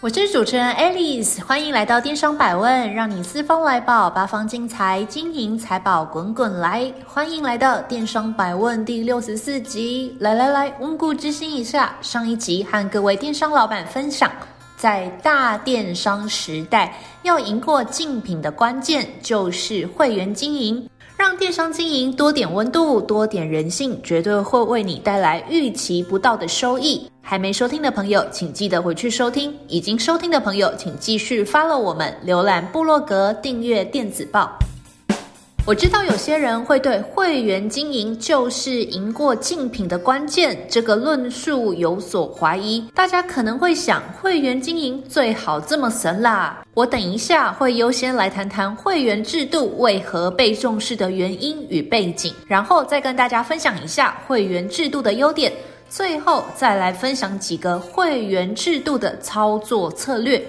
我是主持人 Alice，歡迎來到電商百問，讓你四方來寶，八方進財，金銀財寶滾滾來。歡迎來到電商百問第六十四集，來來來，溫故知新一下。上一集和各位電商老板分享，在大電商時代，要贏過競品的關鍵就是會員經營。讓電商經營多點溫度，多點人性，絕對會為你帶來預期不到的收益。還沒收聽的朋友，請記得回去收聽；已經收聽的朋友，請繼續 follow 我們，瀏覽部落格，訂閱電子報。我知道有些人會對會員經營就是贏過競品的關鍵這個論述有所懷疑，大家可能會想，會員經營最好這麼神啦！我等一下會優先來談談會員制度為何被重視的原因與背景，然後再跟大家分享一下會員制度的優點，最後再來分享幾個會員制度的操作策略。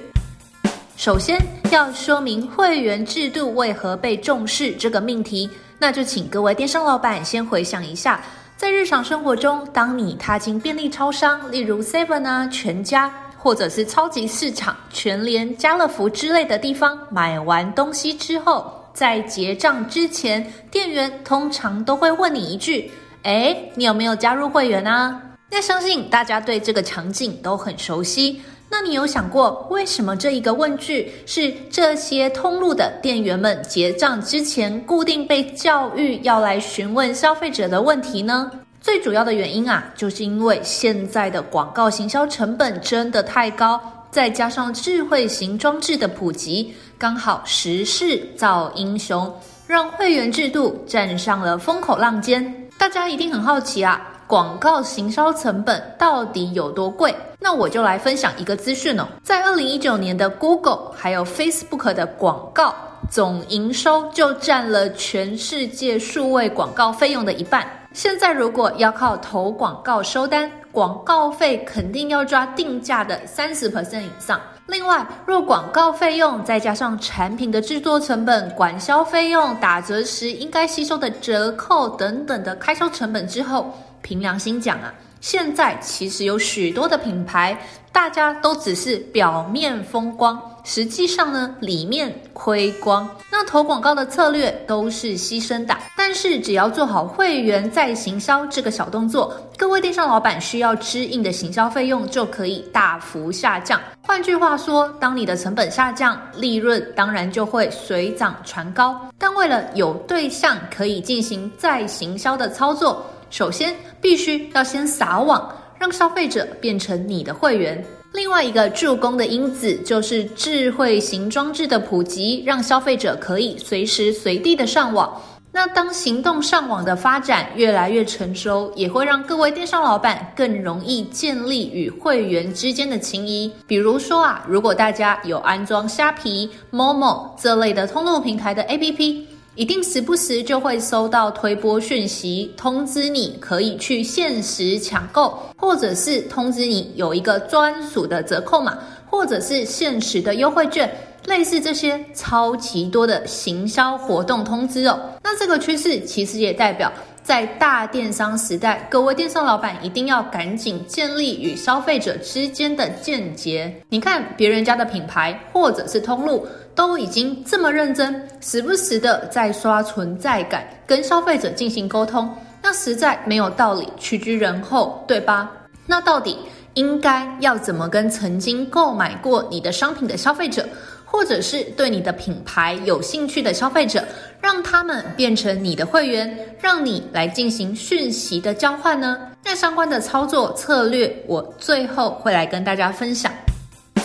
首先要說明會員制度為何被重視這個命題，那就請各位電商老板先回想一下，在日常生活中，當你踏進便利超商，例如 Seven 啊、全家，或者是超級市場、全聯、家樂福之類的地方，買完東西之後，在結賬之前，店員通常都會問你一句：“誒，你有沒有加入會員啊？”那相信大家對這個場景都很熟悉。那你有想過，為什麼這一個問句是這些通路的店員們結賬之前固定被教育要來詢問消費者的問題呢？最主要的原因啊，就是因為現在的廣告行銷成本真的太高，再加上智慧型裝置的普及，剛好時勢造英雄，讓會員制度站上了風口浪尖。大家一定很好奇啊，廣告行銷成本到底有多貴？那我就來分享一個資訊哦，在二零一九年的 Google 還有 Facebook 的廣告總營收就佔了全世界數位廣告費用的一半。現在如果要靠投廣告收單，廣告費肯定要抓定價的三十 percent 以上。另外，若廣告費用再加上產品的制作成本、管銷費用、打折時應該吸收的折扣等等的開銷成本之後，憑良心講啊。現在其實有許多的品牌，大家都只是表面風光，實際上呢，裡面虧光。那投廣告的策略都是犧牲的，但是只要做好會員再行銷這個小動作，各位電商老板需要支應的行銷費用就可以大幅下降。換句話說，當你的成本下降，利潤當然就會水漲船高。但為了有對象可以進行再行銷的操作。首先，必須要先撒網，讓消費者變成你的會員。另外一個助攻的因子就是智慧型裝置的普及，讓消費者可以隨時隨地的上網。那當行動上網的發展越來越成熟，也會讓各位電商老板更容易建立與會員之間的情誼。比如說啊，如果大家有安裝蝦皮、Momo 這類的通路平台的 APP。一定時不時就會收到推播訊息，通知你可以去限時搶購，或者是通知你有一個專屬的折扣碼，或者是限時的優惠券，類似這些超級多的行銷活動通知哦。那這個趨勢其實也代表，在大電商時代，各位電商老闆一定要趕緊建立與消費者之間的間接。你看別人家的品牌或者是通路，都已經這麼認真，時不時的在刷存在感，跟消費者進行溝通，那實在沒有道理屈居人後，對吧？那到底應該要怎麼跟曾經購買過你的商品的消費者，或者是對你的品牌有興趣的消費者，讓他們變成你的會員，讓你來進行訊息的交換呢？那相關的操作策略，我最後會來跟大家分享。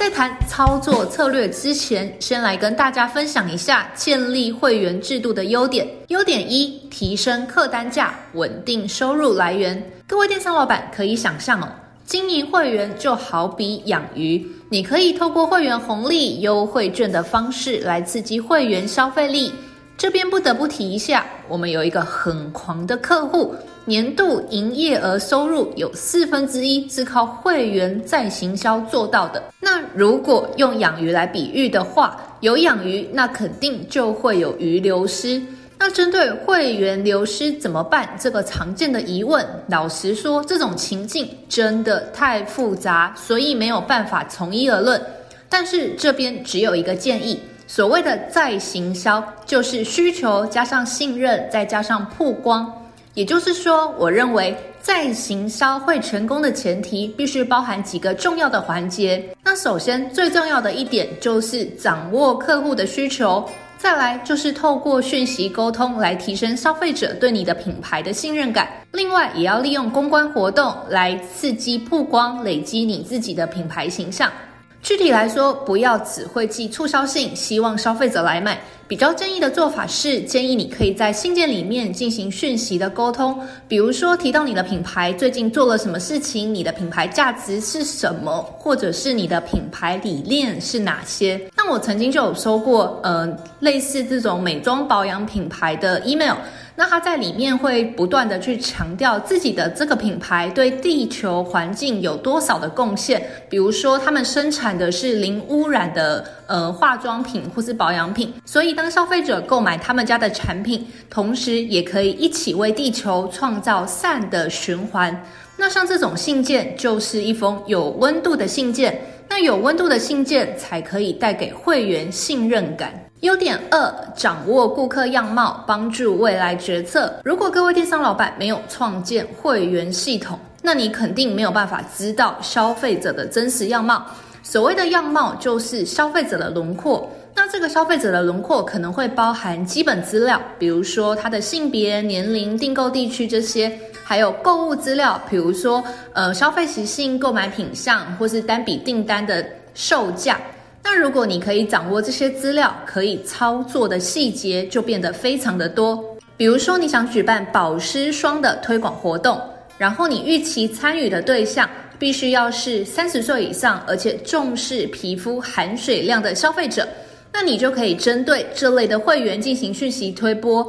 在談操作策略之前，先來跟大家分享一下建立會員制度的優點。優點一：提升客單價，穩定收入來源。各位電商老板可以想象哦，經營會員就好比養魚，你可以透過會員紅利、優惠券的方式來刺激會員消費力。這邊不得不提一下，我們有一個很狂的客戶，年度營業額收入有四分之一是靠會員再行銷做到的。那如果用養魚來比喻的話，有養魚那肯定就會有魚流失。那針對會員流失怎麼辦？這個常見的疑問，老實說，這種情境真的太複雜，所以沒有辦法從一而論。但是這邊只有一個建議。所謂的再行銷，就是需求加上信任，再加上曝光。也就是說，我認為再行銷會成功的前提，必須包含幾個重要的環節。那首先最重要的一點，就是掌握客戶的需求；再來就是透過訊息溝通來提升消費者對你的品牌的信任感。另外，也要利用公關活動來刺激曝光，累積你自己的品牌形象。具體來說，不要只會寄促銷信，希望消費者來買。比較建議的做法是，建議你可以在信件裡面進行訊息的溝通，比如說提到你的品牌最近做了什麼事情，你的品牌價值是什麼，或者是你的品牌理念是哪些。我曾經就有收過，呃，類似這種美妝保養品牌的 email，那它在裡面會不斷地去強調自己的這個品牌對地球環境有多少的貢獻，比如說他們生產的是零污染的呃化妝品或是保養品，所以當消費者購買他們家的產品，同時也可以一起為地球創造善的循環。那像這種信件就是一封有溫度的信件。那有溫度的信件才可以帶給會員信任感。優點二，掌握顧客樣貌，幫助未來決策。如果各位電商老板沒有創建會員系統，那你肯定沒有辦法知道消費者的真實樣貌。所謂的樣貌，就是消費者的輪廓。那這個消費者的輪廓可能會包含基本資料，比如說他的性別、年齡、訂購地區這些，還有購物資料，比如說呃消費習性、購買品項或是單筆訂單的售價。那如果你可以掌握這些資料，可以操作的細節就變得非常的多。比如說你想舉辦保濕霜的推廣活動，然後你預期參與的對象必須要是三十歲以上，而且重視皮膚含水量的消費者。那你就可以針對這類的會員進行訊息推播，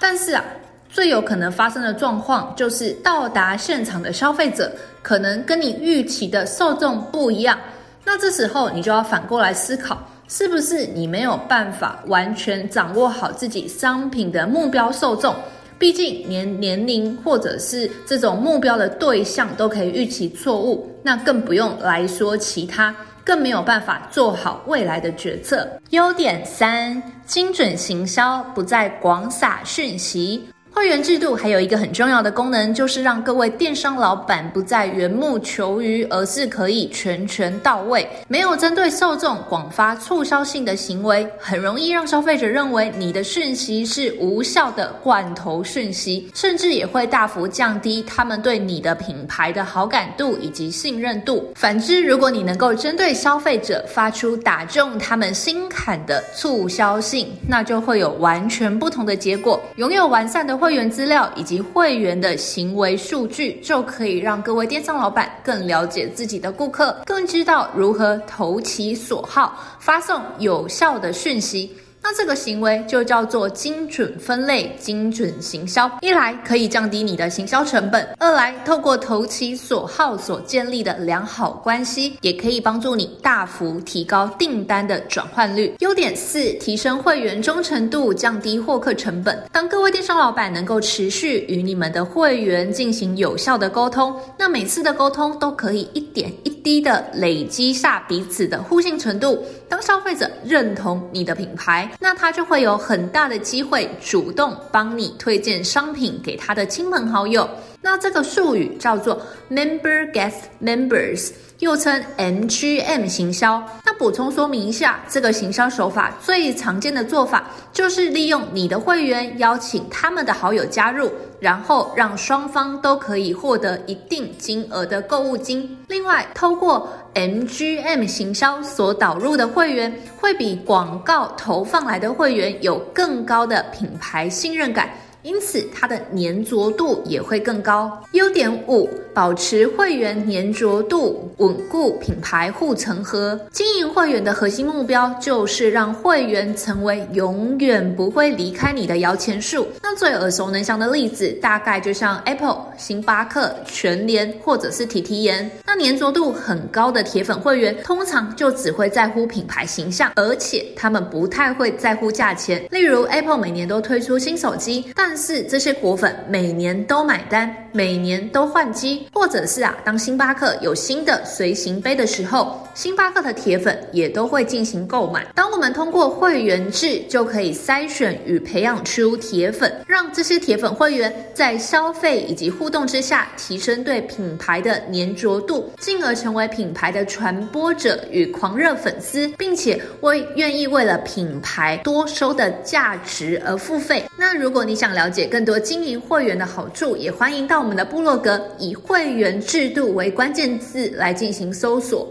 但是啊，最有可能發生的狀況就是到達現場的消費者可能跟你預期的受眾不一樣。那這時候你就要反過來思考，是不是你沒有辦法完全掌握好自己商品的目標受眾？畢竟連年齡或者是這種目標的對象都可以預期錯誤，那更不用來說其他，更沒有辦法做好未來的決策。優點三：精準行銷，不再廣撒訊息。會員制度還有一個很重要的功能，就是讓各位電商老板不再緣木求魚，而是可以全權到位。沒有針對受眾廣發促銷性的行為，很容易讓消費者認為你的訊息是無效的罐頭訊息，甚至也會大幅降低他們對你的品牌的好感度以及信任度。反之，如果你能夠針對消費者發出打中他們心坎的促銷性，那就會有完全不同的結果。擁有完善的。會員資料以及會員的行為數據，就可以讓各位電商老闆更了解自己的顧客，更知道如何投其所好，發送有效的訊息。那這個行為就叫做精準分類、精準行銷。一來可以降低你的行銷成本，二來透過投其所好所建立的良好關係，也可以幫助你大幅提高訂單的轉換率。優點四：提升會員忠誠度，降低獲客成本。當各位電商老闆能夠持續與你們的會員進行有效的溝通，那每次的溝通都可以一點一滴的累積下彼此的互信程度。當消費者認同你的品牌，那他就會有很大的機會主動幫你推薦商品給他的親朋好友。那這個術語叫做 Member Get Members。又稱 MGM 行銷。那補充說明一下，這個行銷手法最常見的做法，就是利用你的會員邀請他們的好友加入，然後讓雙方都可以獲得一定金額的購物金。另外，透過 MGM 行銷所導入的會員，會比廣告投放來的會員有更高的品牌信任感，因此它的粘着度也會更高。優點五。保持會員粘着度，穩固品牌護城河。經營會員的核心目標就是讓會員成為永遠不會離開你的搖錢樹。那最耳熟能詳的例子，大概就像 Apple、星巴克、全聯或者是提提研。那粘着度很高的鐵粉會員，通常就只會在乎品牌形象，而且他們不太會在乎價錢。例如 Apple 每年都推出新手機，但是這些果粉每年都買單。每年都換機，或者是啊，當星巴克有新的隨行杯的時候。星巴克的鐵粉也都會進行購買。當我們通過會員制，就可以篩選與培養出鐵粉，讓這些鐵粉會員在消費以及互動之下，提升對品牌的黏著度，進而成為品牌的傳播者與狂熱粉絲，並且為願意為了品牌多收的價值而付費。那如果你想了解更多經營會員的好處，也歡迎到我們的部落格，以會員制度為關鍵字來進行搜索。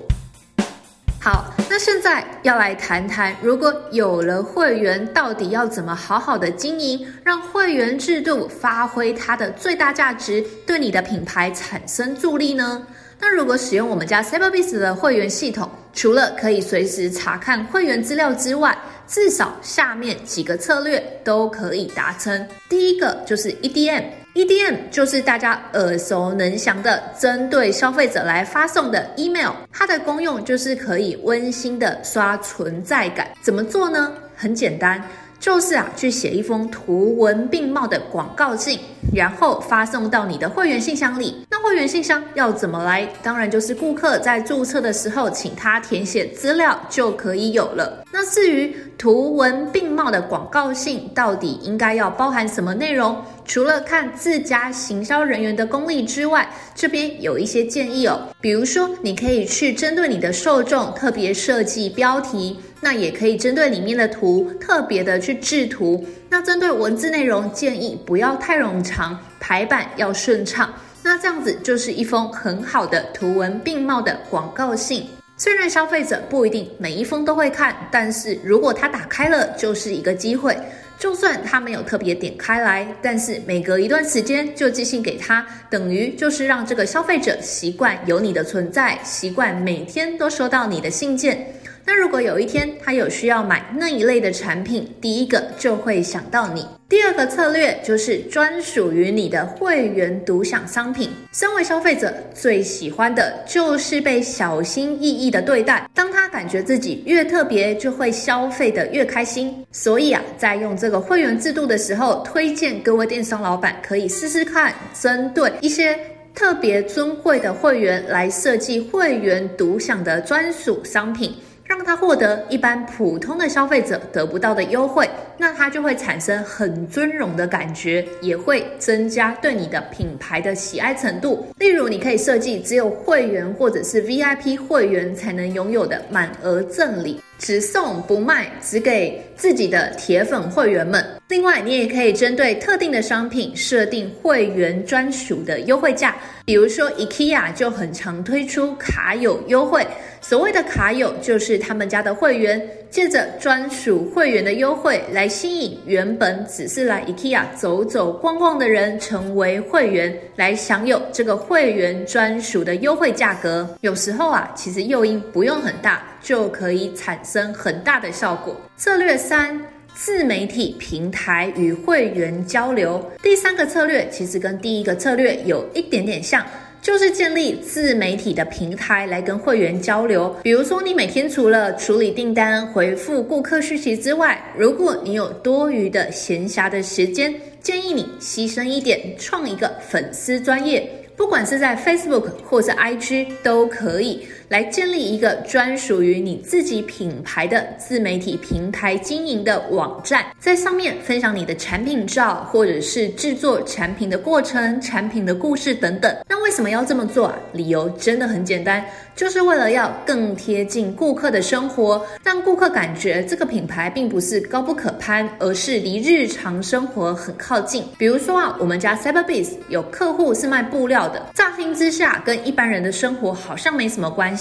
好，那現在要來談談，如果有了會員，到底要怎麼好好的經營，讓會員制度發揮它的最大價值，對你的品牌產生助力呢？那如果使用我們家 CYBERBIZ 的會員系統，除了可以隨時查看會員資料之外，至少下面幾個策略都可以達成。第一個就是 EDM。EDM 就是大家耳熟能詳的，針對消費者來發送的 Email，它的功用就是可以溫馨的刷存在感。怎麼做呢？很簡單，就是啊，去寫一封圖文並茂的廣告信，然後發送到你的會員信箱裡。會員信箱要怎麼來？當然就是顧客在註冊的時候，請他填寫資料就可以有了。那至於圖文並茂的廣告信，到底應該要包含什麼內容？除了看自家行銷人員的功力之外，這邊有一些建議哦。比如說，你可以去針對你的受眾特別設計標題，那也可以針對裡面的圖特別的去製圖。那針對文字內容，建議不要太冗長，排版要順暢。那這樣子就是一封很好的圖文並茂的廣告信。雖然消費者不一定每一封都會看，但是如果他打開了，就是一個機會。就算他沒有特別點開來，但是每隔一段時間就寄信給他，等於就是讓這個消費者習慣有你的存在，習慣每天都收到你的信件。那如果有一天他有需要買那一類的產品，第一個就會想到你。第二個策略就是專屬於你的會員獨享商品。身為消費者最喜歡的就是被小心翼翼的對待。當他感覺自己越特別，就會消費得越開心。所以啊，在用這個會員制度的時候，推薦各位電商老板可以試試看，針對一些特別尊貴的會員來設計會員獨享的專屬商品。讓他獲得一般普通的消費者得不到的優惠，那他就會產生很尊榮的感覺，也會增加對你的品牌的喜愛程度。例如，你可以設計只有會員或者是 VIP 會員才能擁有的滿額贈禮，只送不賣，只給。自己的鐵粉會員們。另外你也可以針對特定的商品設定會員專屬的優惠價，比如說 IKEA 就很常推出卡友優惠，所謂的卡友就是他們家的會員，借着專屬會員的優惠來吸引原本只是來 IKEA 走走逛逛的人成為會員，來享有這個會員專屬的優惠價格。有時候啊，其實誘因不用很大，就可以產生很大的效果。策略三：自媒體平台與會員交流。第三個策略其實跟第一個策略有一點點像，就是建立自媒體的平台來跟會員交流。比如說，你每天除了處理訂單、回復顧客訊息之外，如果你有多餘的閒暇的時間，建議你犧牲一點，創一個粉絲專頁，不管是在 Facebook 或是 IG 都可以。來建立一個專屬於你自己品牌的自媒體平台、經營的網站，在上面分享你的產品照，或者是製作產品的過程、產品的故事等等。那為什麼要這麼做啊？理由真的很簡單，就是為了要更貼近顧客的生活，讓顧客感覺這個品牌並不是高不可攀，而是離日常生活很靠近。比如說啊，我們家 CYBERBIZ 有客戶是賣布料的，乍聽之下跟一般人的生活好像沒什麼關係。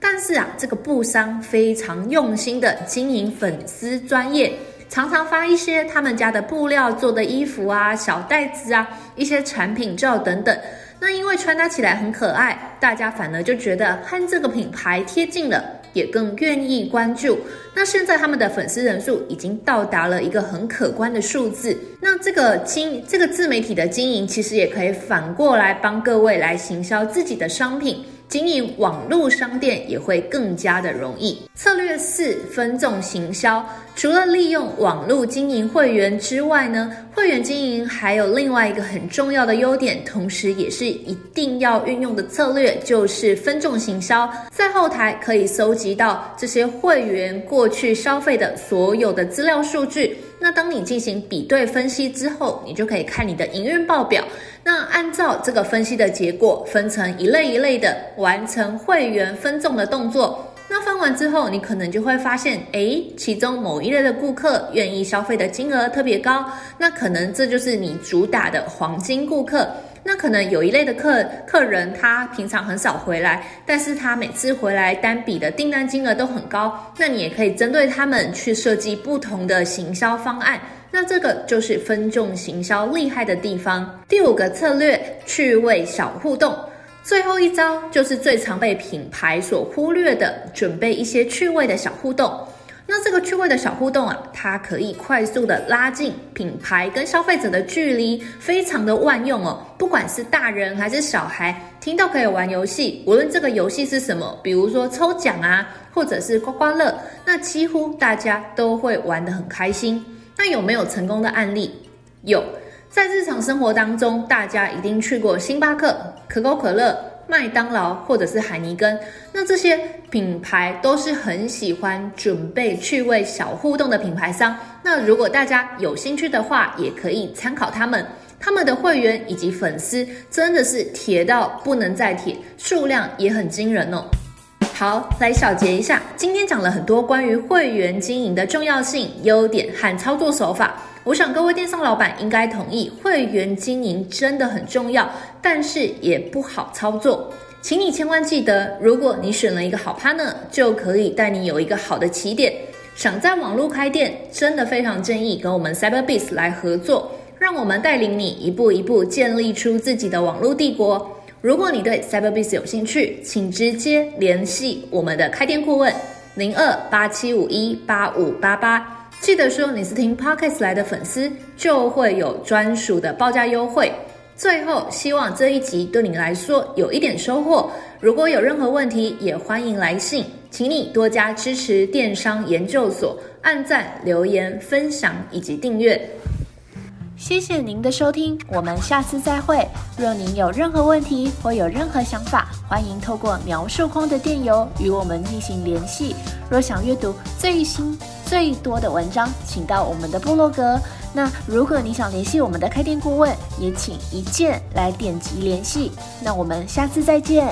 但是啊，這個布商非常用心的經營粉絲專頁，常常發一些他們家的布料做的衣服啊、小袋子啊、一些產品照等等。那因為穿搭起來很可愛，大家反而就覺得和這個品牌貼近了，也更願意關注。那現在他們的粉絲人數已經到達了一個很可觀的數字。那這個經這個自媒體的經營，其實也可以反過來幫各位來行銷自己的商品。經營網絡商店，也會更加的容易。策略四，分眾行銷。除了利用網絡經營會員之外呢，會員經營還有另外一個很重要的優點，同時也是一定要運用的策略，就是分眾行銷。在後台可以搜集到這些會員過去消費的所有的資料數據。那當你進行比對分析之後，你就可以看你的營運報表。那按照這個分析的結果，分成一類一類的，完成會員分眾的動作。那分完之後，你可能就會發現，誒，其中某一類的顧客願意消費的金額特別高，那可能這就是你主打的黃金顧客。那可能有一類的客人客人，他平常很少回來，但是他每次回來單筆的訂單金額都很高，那你也可以針對他們去設計不同的行銷方案。那這個就是分眾行銷厲害的地方。第五個策略，趣味小互動。最後一招就是最常被品牌所忽略的，準備一些趣味的小互動。那這個趣味的小互動啊，它可以快速的拉近品牌跟消費者的距離，非常的萬用哦。不管是大人還是小孩，聽到可以玩遊戲，無論這個遊戲是什麼，比如說抽獎啊，或者是刮刮樂，那幾乎大家都會玩得很開心。那有沒有成功的案例？有，在日常生活當中，大家一定去過星巴克、可口可樂。麥當勞或者是海尼根，那這些品牌都是很喜歡準備趣味小互動的品牌商。那如果大家有興趣的話，也可以參考他們，他們的會員以及粉絲真的是鐵到不能再鐵，數量也很驚人哦。好，來小結一下，今天講了很多關於會員經營的重要性、優點和操作手法。我想各位電商老板應該同意，會員經營真的很重要，但是也不好操作。請你千萬記得，如果你選了一個好 partner，就可以帶你有一個好的起點。想在網絡開店，真的非常建議跟我們 CyberBiz 來合作，讓我們帶領你一步一步建立出自己的網絡帝國。如果你對 CyberBiz 有興趣，請直接聯繫我們的開店顧問零二八七五一八五八八。記得說你是聽 Podcast 來的粉絲，就會有專屬的報價優惠。最後，希望這一集對你來說有一點收穫。如果有任何問題，也歡迎來信。請你多加支持電商研究所，按讚、留言、分享以及訂閱。謝謝您的收聽，我們下次再會。若您有任何問題或有任何想法，歡迎透過描述框的電郵與我們進行聯繫。若想閱讀最新最多的文章，請到我們的部落格。那如果你想聯繫我們的開店顧問，也請一鍵來點擊聯繫。那我們下次再見。